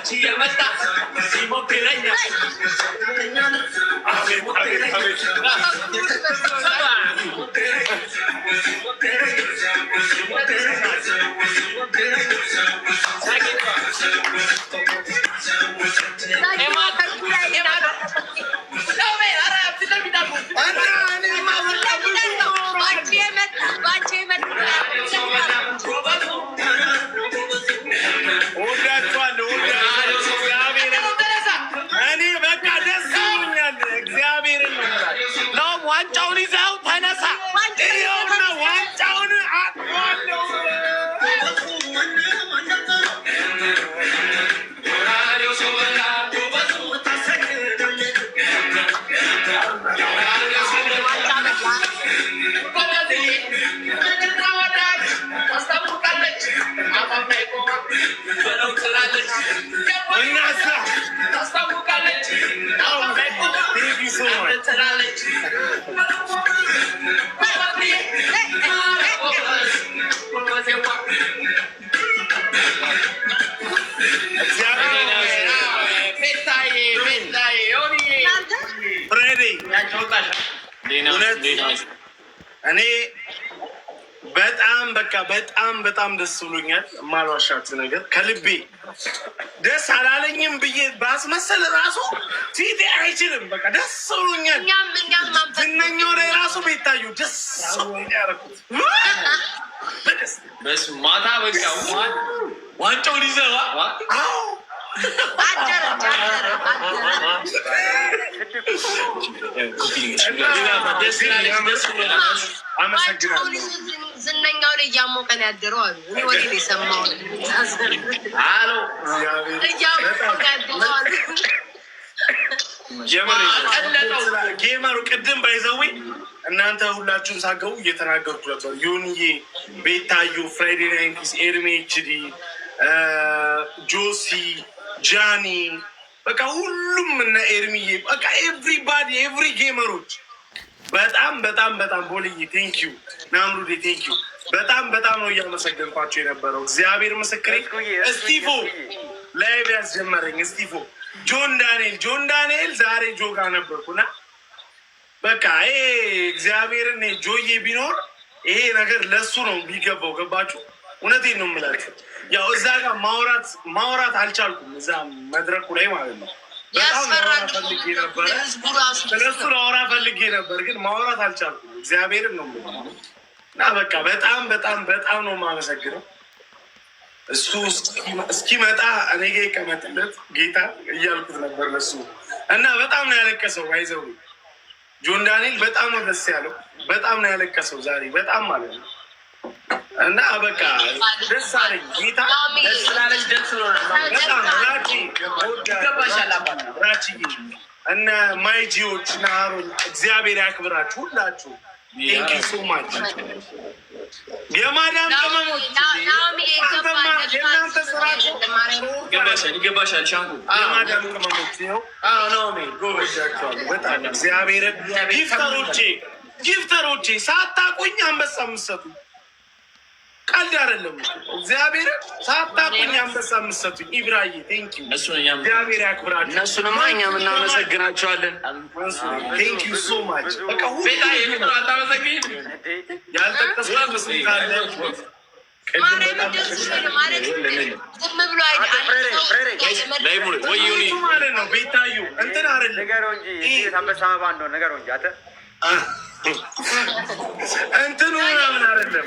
አንቺ የመጣ ሞክለኛ ini በጣም በቃ በጣም በጣም ደስ ብሎኛል። ማልዋሻት ነገር ከልቤ ደስ አላለኝም ብዬ ባስመሰል ራሱ ፊቴ አይችልም። በቃ ደስ ብሎኛል። ዝነኛው ላይ ራሱ ቤታዩ ደስ ያደረኩት ማታ በቃ ዋንጫውን ይዘዋ አመሰግናለሁ። ዝነኛው ላይ እያሞቀን ነው ያደረው አሉ። እኔ ወደ የሰማው እያሞቀ ያደረው አሉ። ጌመሩ ቅድም ባይዘዊ እናንተ ሁላችሁም ሳገቡ እየተናገርኩ ነበር። ዩንዬ፣ ቤታዩ፣ ፍራይዴ ናይንቲስ፣ ኤርሜ ኤችዲ፣ ጆሲ፣ ጃኒ በቃ ሁሉም እና ኤርሚዬ በቃ ኤቭሪባዲ ኤቭሪ ጌመሮች በጣም በጣም በጣም ቦልዬ ቴንኪው፣ ናምሩዴ ዩ በጣም በጣም ነው እያመሰገንኳቸው የነበረው። እግዚአብሔር ምስክሬ። እስቲፎ ላይቭ ያስጀመረኝ እስቲፎ ጆን ዳንኤል፣ ጆን ዳንኤል ዛሬ ጆጋ ጋር ነበርኩና በቃ ይሄ እግዚአብሔርን ጆዬ ቢኖር ይሄ ነገር ለሱ ነው የሚገባው። ገባችሁ? እውነቴን ነው የምላችሁ። ያው እዛ ጋር ማውራት ማውራት አልቻልኩም እዛ መድረኩ ላይ ማለት ነው። ስለሱ ለአውራ ፈልጌ ነበር ግን ማውራት አልቻልኩም። እግዚአብሔርን ነው እና በቃ በጣም በጣም በጣም ነው የማመሰግነው። እሱ እስኪመጣ እኔ ጋ ይቀመጥለት ጌታ እያልኩት ነበር ለሱ እና በጣም ነው ያለቀሰው። አይዘው ጆን ዳንኤል በጣም ነው ደስ ያለው። በጣም ነው ያለቀሰው ዛሬ በጣም ማለት ነው እና በቃ ደስ አለኝ። ጌታ ደስ ስላለች ደስ በጣም ራቺ ይገባሻል። አባት ራቺ እነ ማይጂዎች እና ሀሮኝ እግዚአብሔር ያክብራችሁ ሁላችሁ። ንኪ ሶማች የማዳም የማዳም ቅመሞች ጎበዣቸዋል። በጣም እግዚአብሔር ጊፍተሮቼ ጊፍተሮቼ ሳታቁኝ አንበሳ ቀልድ አይደለም። እግዚአብሔር ሳታቁኝ አንበሳ የምትሰጡኝ ኢብራሂ ቴንኪው። እግዚአብሔር ያክብራችሁ። እነሱንማ እኛም እናመሰግናቸዋለን። ቴንኪው ሶ ማች ማለት ነው። ቤታዩ እንትን አይደለም ነገረው እንጂ አንበሳ መባ እንደሆነ ነገረው እንጂ እንትኑ ምናምን አይደለም